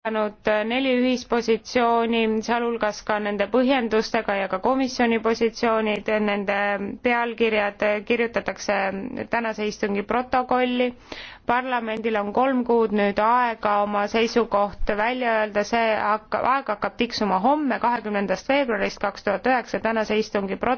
esitanud äh, neli ühispositsiooni sealhulgas ka nende põhjendustega ja ka komisjoni positsioonid nende pealkirjad äh, kirjutatakse tänase istungi protokolli parlamendil on kolm kuud nüüd aega oma seisukoht välja öelda see hakka- aeg hakkab tiksuma homme veebruarist tänase istungi protokoll